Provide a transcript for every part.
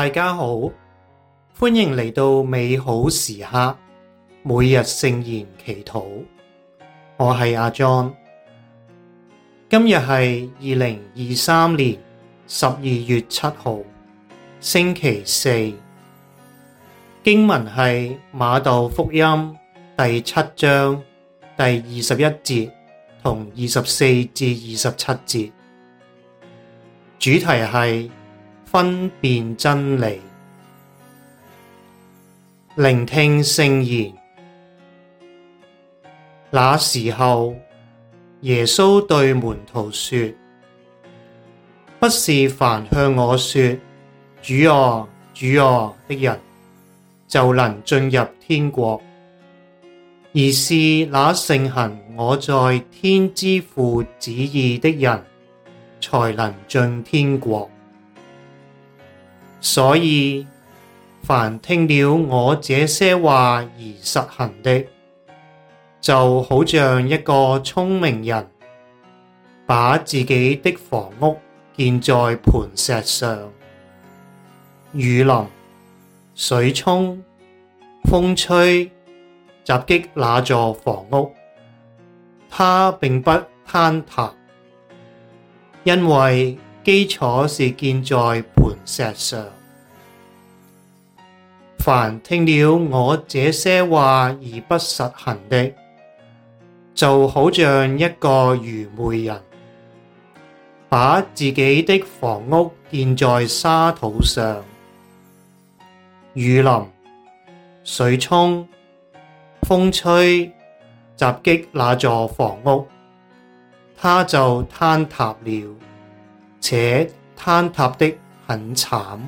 大家好，歡迎嚟到美好時刻每日聖言祈禱。我係阿莊，今日係二零二三年十二月七號星期四。經文係馬竇福音第七章第二十一節同二十四至二十七節。主題係。分辨真理，聆聽聖言。那時候，耶穌對門徒說：不是凡向我說“主啊！主啊！”的人，就能進入天國；而是那承行我在天之父旨意的人，才能進天國。所以，凡聽了我這些話而實行的，就好像一個聰明人，把自己的房屋建在磐石上，雨淋、水沖、風吹，襲擊那座房屋，它並不坍塌，因為，基礎是建在磐石上，凡聽了我這些話而不實行的，就好像一個愚昧人，把自己的房屋建在沙土上，雨淋、水沖、風吹，襲擊那座房屋，它就坍塌了。且坍塌的很慘。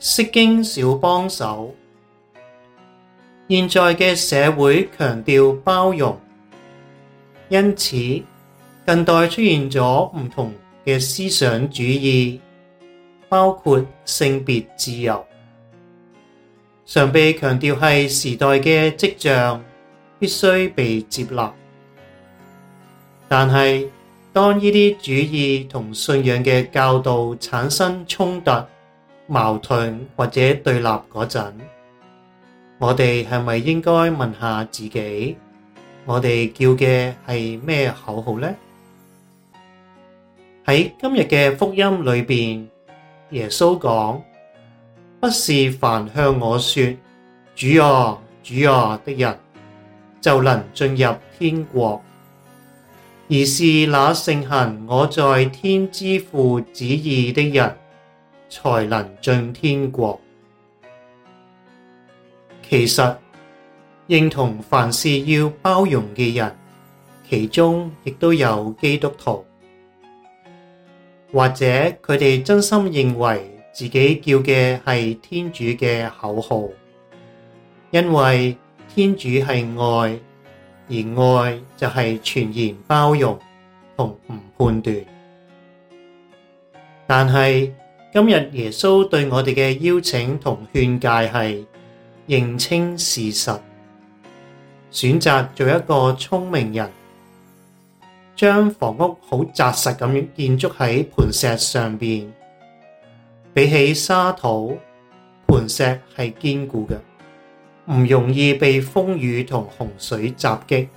釋經小幫手。現在嘅社會強調包容，因此近代出現咗唔同嘅思想主義，包括性別自由，常被強調係時代嘅跡象，必須被接納。但是當呢啲主義同信仰嘅教導產生衝突、矛盾或者對立嗰陣，我哋係咪應該問下自己，我哋叫嘅係咩口號呢？喺今日嘅福音裏面，耶穌講：不是凡向我說主啊、主啊的人，就能進入天國。而是那承行我在天之父旨意的人，才能進天國。其實認同凡事要包容嘅人，其中亦都有基督徒，或者佢哋真心認為自己叫嘅係天主嘅口號，因為天主係愛。而愛就係全然包容同唔判斷，但係今日耶穌對我哋嘅邀請同勸誡係認清事實，選擇做一個聰明人，將房屋好扎實咁建築喺磐石上面，比起沙土，磐石係堅固嘅。唔容易被風雨同洪水襲擊。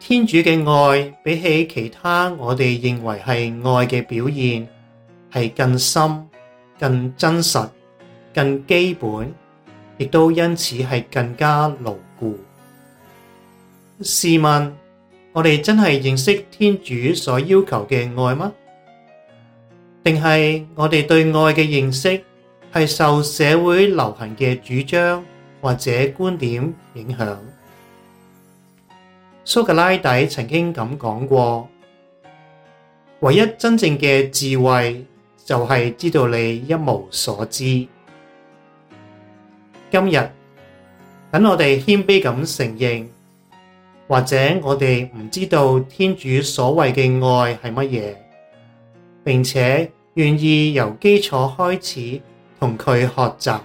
天主嘅愛比起其他我哋認為係愛嘅表現，係更深、更真實、更基本，亦都因此係更加牢固。試問，我哋真係認識天主所要求嘅愛嗎？定係我哋對愛嘅認識，係受社會流行嘅主張或者觀點影響。蘇格拉底曾經咁講過：「唯一真正嘅智慧就係知道你一無所知。今日等我哋謙卑咁承認，或者我哋唔知道天主所謂嘅愛係乜嘢，並且願意由基礎開始。同佢學習。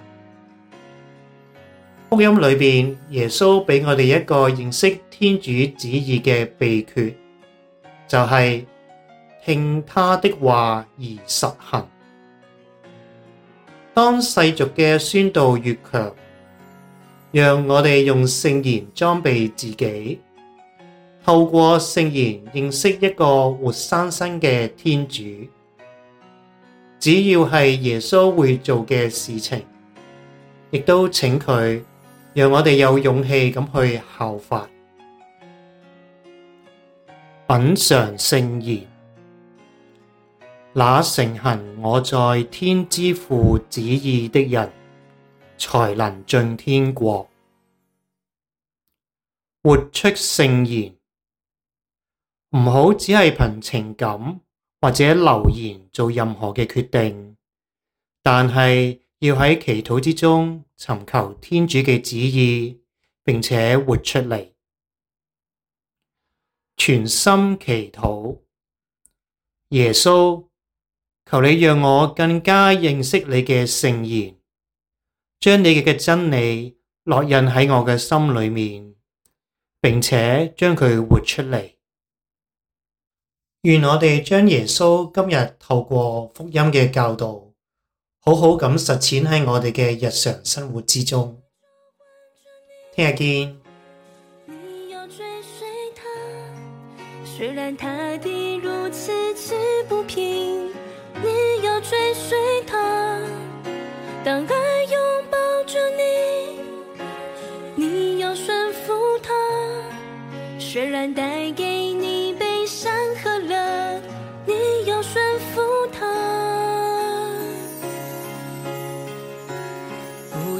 福音裏邊，耶穌俾我哋一個認識天主旨意嘅秘訣，就係、是、聽他的話而實行。當世俗嘅宣導越強，讓我哋用聖言裝備自己，透過聖言認識一個活生生嘅天主。只要是耶穌會做嘅事情，亦都請佢讓我哋有勇氣咁去效法。品嘗聖言，那承行我在天之父旨意的人，才能進天國。活出聖言，唔好只係憑情感。或者流言做任何嘅決定，但係要喺祈禱之中尋求天主嘅旨意，並且活出嚟。全心祈禱，耶穌，求你讓我更加認識你嘅聖言，將你嘅嘅真理烙印喺我嘅心裏面，並且將佢活出嚟。願我哋將耶穌今日透過福音嘅教導，好好咁實踐喺我哋嘅日常生活之中。聽日見。